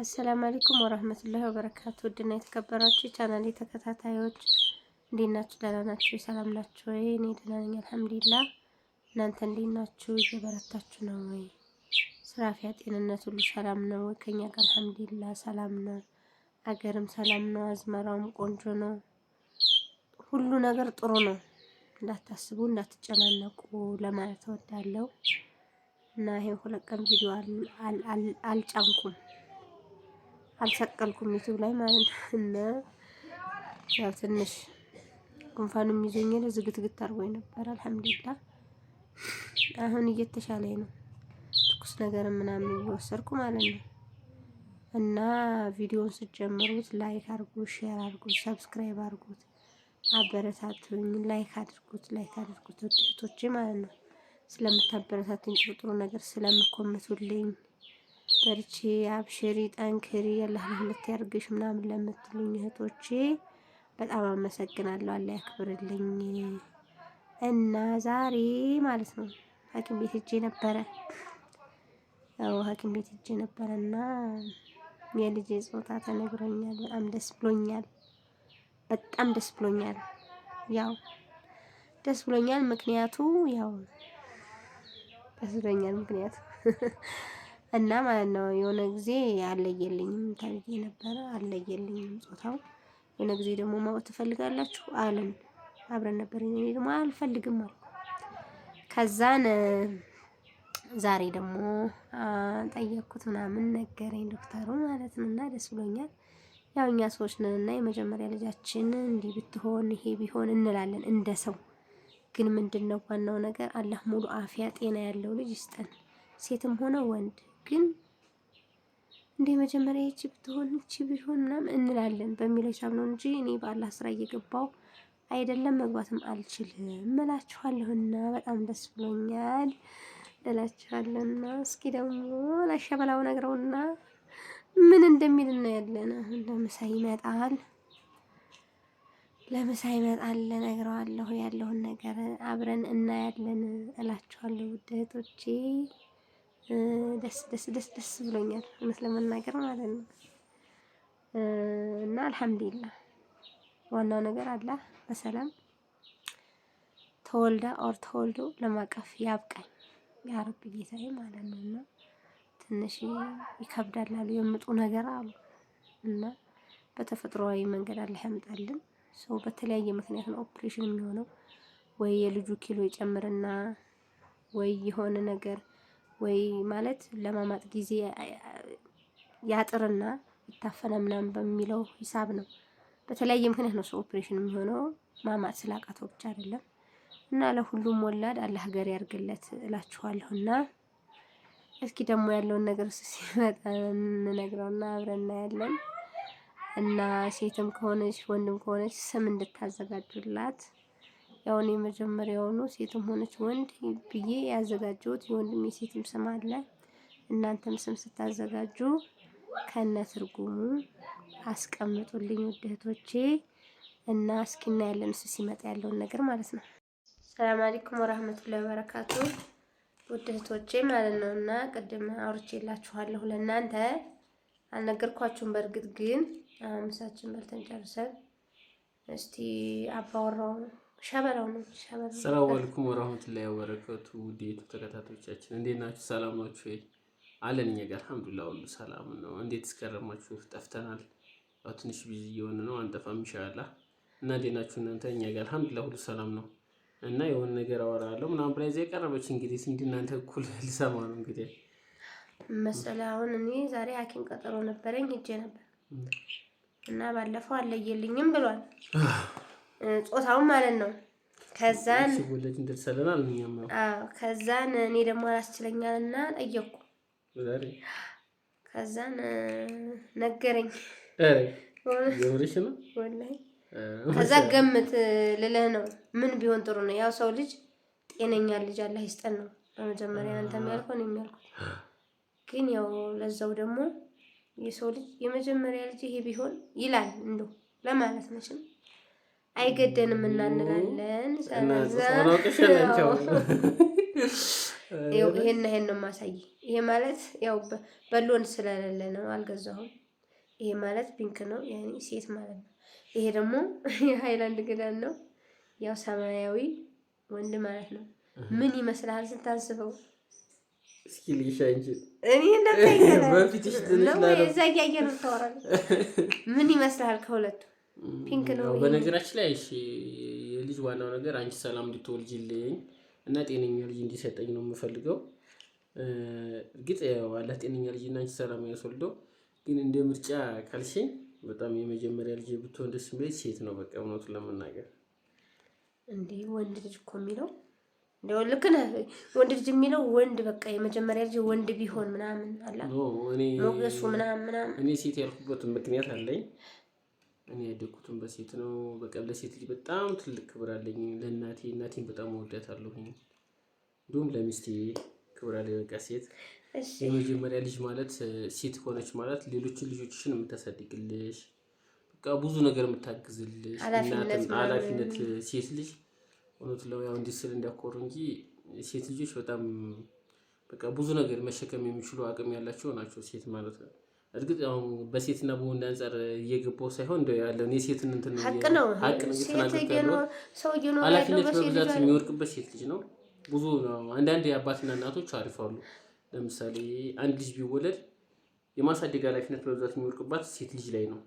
አሰላም አለይኩም ወራህመቱላሂ ወበረካቱ። ውድና የተከበራችሁ ቻናሌ ተከታታዮች እንዴት ናችሁ? ደህና ናችሁ? ሰላም ናችሁ ወይ? እኔ ደህና ነኝ አልሐምዱሊላህ። እናንተ እንዴት ናችሁ? እየበረታችሁ ነው ወይ? ስራፊያ ጤንነት ሁሉ ሰላም ነው ወይ? ከኛ ጋር አልሐምዱሊላህ ሰላም ነው። አገርም ሰላም ነው። አዝመራውም ቆንጆ ነው። ሁሉ ነገር ጥሩ ነው። እንዳታስቡ እንዳትጨናነቁ ለማለት እወዳለሁ እና ይሄን ሁለት ቀን ቪዲዮ አልጫንኩም አልሰቀልኩም ዩቱብ ላይ ማለት እና ያው ትንሽ ጉንፋንም ይዞኝ ዝግትግት አድርጎኝ ነበር። አልሐምዱሊላህ አሁን እየተሻለኝ ነው። ትኩስ ነገር ምናምን እየወሰድኩ ማለት ነው። እና ቪዲዮውን ስትጀምሩት ላይክ አድርጉት፣ ሼር አድርጉት፣ ሰብስክራይብ አድርጉት፣ አበረታቱኝ። ላይክ አድርጉት፣ ላይክ አድርጉት ውጤቶቼ ማለት ነው። ስለምታበረታቱኝ ጥሩ ጥሩ ነገር ስለምኮምቱልኝ በርቺ፣ አብሽሪ፣ ጠንክሪ የላህ ምሕረት ያርግሽ ምናምን ለምትሉኝ እህቶቼ በጣም አመሰግናለሁ። አላህ ያክብርልኝ። እና ዛሬ ማለት ነው ሐኪም ቤት ሄጄ ነበረ። ያው ሐኪም ቤት ሄጄ ነበረ እና የልጄ ጾታ ተነግሮኛል። በጣም ደስ ብሎኛል። በጣም ደስ ብሎኛል። ያው ደስ ብሎኛል ምክንያቱ ያው ደስ ብሎኛል ምክንያቱ እና ማለት ነው የሆነ ጊዜ አለየልኝም ታርጌ ነበረ አለየልኝም ጾታው። የሆነ ጊዜ ደግሞ ማወቅ ትፈልጋላችሁ አለን አብረን ነበር። እኔ ደግሞ አልፈልግም አልኩ። ከዛን ዛሬ ደግሞ ጠየቅኩት ምናምን ነገረኝ ዶክተሩ ማለት ነው። እና ደስ ብሎኛል። ያው እኛ ሰዎች ነንና የመጀመሪያ ልጃችን እንዲህ ብትሆን ይሄ ቢሆን እንላለን እንደ ሰው። ግን ምንድን ነው ዋናው ነገር አላህ ሙሉ አፍያ ጤና ያለው ልጅ ይስጠን፣ ሴትም ሆነ ወንድ ግን እንደ መጀመሪያ ይቺ ብትሆን ይቺ ቢሆን ምናምን እንላለን በሚል ሂሳብ ነው እንጂ እኔ ባላ ስራ እየገባው አይደለም መግባትም አልችልም እላችኋለሁና በጣም ደስ ብሎኛል እላችኋለሁና እስኪ ደግሞ ላሸበላው ነግረውና ምን እንደሚል እናያለን። አሁን ለምሳ ይመጣል፣ ለምሳ ይመጣል። ለነግረዋለሁ ያለውን ነገር አብረን እናያለን እላችኋለሁ ውድ እህቶቼ። ደስ ደስ ደስ ደስ ብሎኛል እውነት ለመናገር ማለት ነው። እና አልሐምዱሊላህ ዋናው ነገር አላህ በሰላም ተወልዳ ኦር ተወልዶ ለማቀፍ ያብቃኝ ያረብ ጌታዬ ማለት ነው። እና ትንሽ ይከብዳል አሉ የምጡ ነገር አሉ እና በተፈጥሯዊ መንገድ አላህ ያምጣልን። ሰው በተለያየ ምክንያት ነው ኦፕሬሽን የሚሆነው ወይ የልጁ ኪሎ ይጨምርና ወይ የሆነ ነገር ወይ ማለት ለማማጥ ጊዜ ያጥርና ይታፈነ ምናምን በሚለው ሂሳብ ነው። በተለያየ ምክንያት ነው ሰው ኦፕሬሽን የሚሆነው ማማጥ ስላቃተው ብቻ አይደለም። እና ለሁሉም ወላድ አላህ ሀገር ያርግለት እላችኋለሁ። እና እስኪ ደግሞ ያለውን ነገር እሱ ሲመጣ እንነግረውና አብረን እናያለን። እና ሴትም ከሆነች ወንድም ከሆነች ስም እንድታዘጋጁላት ያውን የመጀመሪያውኑ ሴትም ሆነች ወንድ ብዬ ያዘጋጀሁት የወንድም የሴትም ስም አለ። እናንተም ስም ስታዘጋጁ ከነ ትርጉሙ አስቀምጡልኝ ውድ እህቶቼ እና እስኪና ያለን እሱ ሲመጣ ያለውን ነገር ማለት ነው። ሰላም አለይኩም ወራህመቱላሂ ወበረካቱ ውድ እህቶቼ ማለት ነው። እና ቅድም አውርቼላችኋለሁ ለእናንተ አልነገርኳችሁም። በእርግጥ ግን ምሳችን በልተን ጨርሰን እስቲ አባወራው ሸበራው ነው። ሰላም አለይኩም ወራህመቱላሂ ወበረከቱ። ዴቱ ተከታታዮቻችን እንዴት ናችሁ? ሰላም ናችሁ ወይ? አለን እኛ ጋር አልሐምዱሊላህ ሁሉ ሰላም ነው። እንዴት እስከረማችሁ? ጠፍተናል። ያው ትንሽ ቢዚ እየሆነ ነው። አንጠፋም ኢንሻአላህ። እና እንዴት ናችሁ እናንተ? እኛ ጋር አልሐምዱሊላህ ሁሉ ሰላም ነው። እና የሆነ ነገር አወራለሁ ምናምን ብላ እዚያ ቀረበች። እንግዲህ እንደ እናንተ እኩል ልሰማ ነው እንግዲህ መሰለህ። አሁን እኔ ዛሬ ሐኪም ቀጠሮ ነበረኝ ሄጄ ነበር እና ባለፈው አለየልኝም ብሏል ጾታውን ማለት ነው። ከዛን ሲወለድ እንደተሰለናል እኛም ነው። አዎ ከዛን እኔ ደግሞ አላስችለኛልና ጠየቅኩ። ከዛን ነገረኝ። አይ ነው ወላሂ። ከዛ ገምት ልልህ ነው። ምን ቢሆን ጥሩ ነው? ያው ሰው ልጅ ጤነኛ ልጅ አላህ ይስጠን ነው በመጀመሪያ አንተ የሚያልከው ነው የሚያልኩት። ግን ያው ለዛው ደግሞ የሰው ልጅ የመጀመሪያ ልጅ ይሄ ቢሆን ይላል እንዶ ለማለት ነሽም አይገደንም እናንላለን። እንላለን። ይሄን ይሄን ነው ማሳይ። ይሄ ማለት ያው በሎን ስለሌለ ነው አልገዛሁም። ይሄ ማለት ፒንክ ነው ያኔ ሴት ማለት ነው። ይሄ ደግሞ የሃይላንድ ግዳን ነው ያው ሰማያዊ ወንድ ማለት ነው። ምን ይመስልሃል ስታስበው? እስኪ ልሻ እንጂ እኔ እንደምታይ ነው። እያየ ነው ታወራለህ። ምን ይመስልሃል ከሁለቱ ፒንክ ነው። በነገራችን ላይ እሺ፣ የልጅ ዋናው ነገር አንቺ ሰላም እንድትወልጅልኝ እና ጤነኛ ልጅ እንዲሰጠኝ ነው የምፈልገው። እርግጥ ዋላ ጤነኛ ልጅ እና አንቺ ሰላም ያስወልደው፣ ግን እንደ ምርጫ ካልሽኝ በጣም የመጀመሪያ ልጅ ብትሆን ደስ የሚለኝ ሴት ነው። በቃ እውነቱን ለመናገር እንዲህ ወንድ ልጅ እኮ የሚለው እንደው ልክ ነህ። ወንድ ልጅ የሚለው ወንድ በቃ የመጀመሪያ ልጅ ወንድ ቢሆን ምናምን አላ ሞገሱ ምናምን ምናምን። እኔ ሴት ያልኩበት ምክንያት አለኝ እኔ ያደግኩትን በሴት ነው። በቃ ለሴት ልጅ በጣም ትልቅ ክብር አለኝ። ለእናቴ እናቴን በጣም እወዳታለሁኝ። እንዲሁም ለሚስቴ ክብር አለኝ። በቃ ሴት የመጀመሪያ ልጅ ማለት ሴት ሆነች ማለት ሌሎችን ልጆችሽን የምታሳድግልሽ በቃ ብዙ ነገር የምታግዝልሽ ኃላፊነት ሴት ልጅ እውነቱ ለው ያው እንዲህ ስል እንጂ ሴት ልጆች በጣም በቃ ብዙ ነገር መሸከም የሚችሉ አቅም ያላቸው ናቸው ሴት ማለት ነው። እርግጥ ያው በሴትና በወንድ አንጻር እየገባው ሳይሆን እንደው ያለው ያለውን የሴትን እንትን ሀቅ ነው ሀቅ ነው ነው ኃላፊነት በብዛት የሚወርቅበት ሴት ልጅ ነው። ብዙ ነው። አንዳንድ የአባትና እናቶች አሪፍ አሉ። ለምሳሌ አንድ ልጅ ቢወለድ የማሳደግ ኃላፊነት በብዛት የሚወርቅባት ሴት ልጅ ላይ ነው።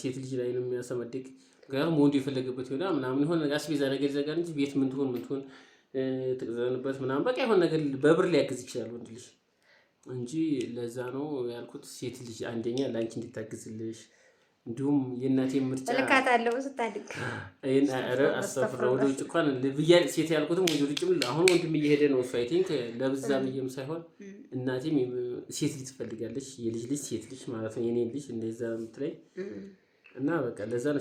ሴት ልጅ ላይ ነው የሚያሰመድግ። ምክንያቱም ወንዱ የፈለገበት ይሆናል ምናምን የሆነ አስቤዛ ነገር ይዘጋል እንጂ ቤት ምን ትሆን ምን ትሆን ትቅዘንበት ምናምን በቃ የሆነ ነገር በብር ሊያግዝ ይችላል ወንድ ልጅ እንጂ ለዛ ነው ያልኩት። ሴት ልጅ አንደኛ ለአንቺ እንድታግዝልሽ እንዲሁም የእናቴ ምርጫ ልካት ስታድግ አስተፍረ ወደ ውጭ እንኳን ብያ ሴት ያልኩትም ወደ ውጭም አሁን ወንድም እየሄደ ነው እሱ አይ ቲንክ ለብዛ ብዬም ሳይሆን እናቴም ሴት ልጅ ትፈልጋለች። የልጅ ልጅ ሴት ልጅ ማለት ነው የኔ ልጅ እንደዛ ምትለኝ እና በቃ ለዛ ነው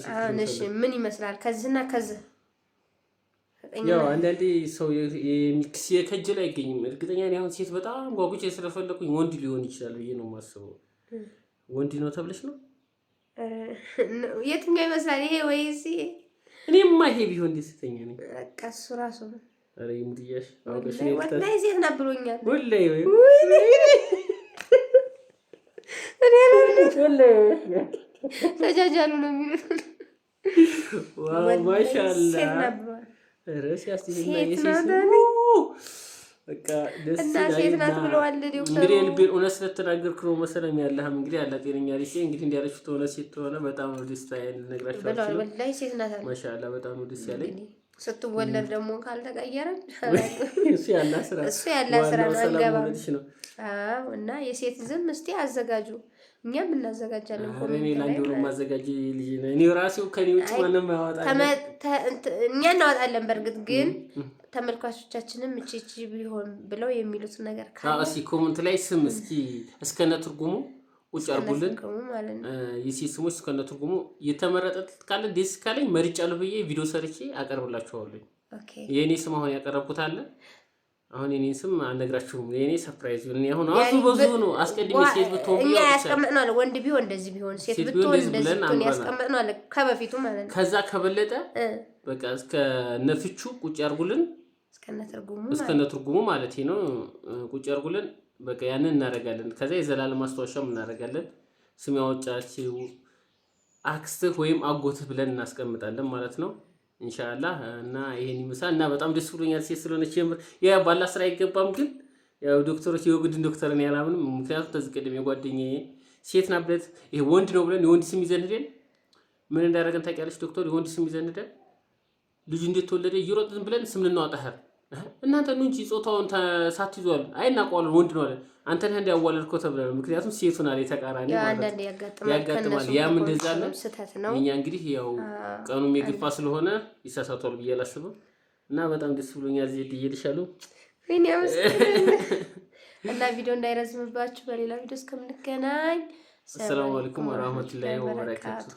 ምን ይመስላል ከዚህና ከዚህ እርግጠኛ ያው አንዳንዴ ሰው ከእጅ ላይ አይገኝም። እርግጠኛ አሁን ሴት በጣም ጓጉቼ ስለፈለኩኝ ወንድ ሊሆን ይችላል ብዬ ነው የማስበው። ወንድ ነው ተብለሽ ነው የትኛው ይመስላል ይሄ ወይ እዚህ እኔማ ይሄ ቢሆን ደስተኛ ነኝ። በቃ እሱ ራሱ ነው። ኧረ ሴት ናት ብሎኛል። ወይ ተጃጃሉ ነው የሚሉት። ርዕስ ያስናሴትናት ብለዋል። እንግዲህ ልቤን እውነት ስለተናገርክ ነው መሰለኝ ያለህም እንግዲህ ጤነኛ ልጅ እንግዲህ እንዲያለች ተሆነ ሴት ተሆነ በጣም ነው ማሻላ በጣም ነው ደስ ያለኝ። ስትወለድ ደግሞ ካልተቀየረን እሱ ያላ ስራ ነው እና የሴት ዝም እስቲ አዘጋጁ እኛም እናዘጋጃለን። ማዘጋጅ ልጅ እኔ ራሴ ከኔ ውጭ ማንም እኛ እናወጣለን። በእርግጥ ግን ተመልካቾቻችንም እቺቺ ቢሆን ብለው የሚሉት ነገር እስኪ ኮመንት ላይ ስም እስኪ እስከነ ትርጉሙ ውጭ አርጉልን። የሴት ስሞች እስከነ ትርጉሙ የተመረጠ ካለ ደስ ካለኝ መርጫለሁ ብዬ ቪዲዮ ሰርቼ አቀርብላችኋለሁ። የእኔ ስም አሁን ያቀረብኩት አለ አሁን የኔ ስም አልነግራችሁም። የኔ ሰርፕራይዝ አሁን አሱ ብዙ ነው። አስቀድሜ ሴት ብትሆን እኛ ያስቀምጥነው አለ ወንድ ቢሆን እንደዚህ ቢሆን ሴት ብትሆን እንደዚህ ብትሆን ያስቀምጥነው አለ ከበፊቱ ማለት ነው። ከዛ ከበለጠ በቃ እስከ ነፍቹ ቁጭ አርጉልን፣ እስከ ነትርጉሙ ማለት ነው። ቁጭ አርጉልን። በቃ ያንን እናደርጋለን። ከዛ የዘላለም ማስታወሻም እናደርጋለን። ስም ያወጣችው አክስትህ ወይም አጎትህ ብለን እናስቀምጣለን ማለት ነው። ኢንሻአላህ እና ይሄን ይመስላል እና በጣም ደስ ብሎኛል። ሴት ስለሆነች የምር ያ ባላ ስራ አይገባም፣ ግን ያው ዶክተሮች የወግድን ዶክተርን ያላምንም። ምክንያቱም ተዚህ ቀደም የጓደኛዬ ሴት ናት ብለን ይሄ ወንድ ነው ብለን የወንድ ስም ይዘን ምን እንዳደረገን ታውቂያለሽ? ዶክተር የወንድ ስም ይዘን ሄደን እንዴት ተወለደ እየሮጥን ብለን ስም ልናወጣ እናንተ ነው እንጂ ጾታውን ሳትይዟል አይናቀዋለን ወንድ ነው አለን። አንተ ነህ እንዲ ያዋለድከው ነው። ምክንያቱም ሴቱ ናት የተቃራኒ ያጋጥማል። ያም እንደዛ ነው። እኛ እንግዲህ ያው ቀኑም የግፋ ስለሆነ ይሳሳቷል ብዬ አላስብም እና በጣም ደስ ብሎኛል። ዜድ ድየልሻሉ እና ቪዲዮ እንዳይረዝምባችሁ በሌላ ቪዲዮ እስከምንገናኝ አሰላሙ አለይኩም ወራህመቱላሂ ወበረካቱ።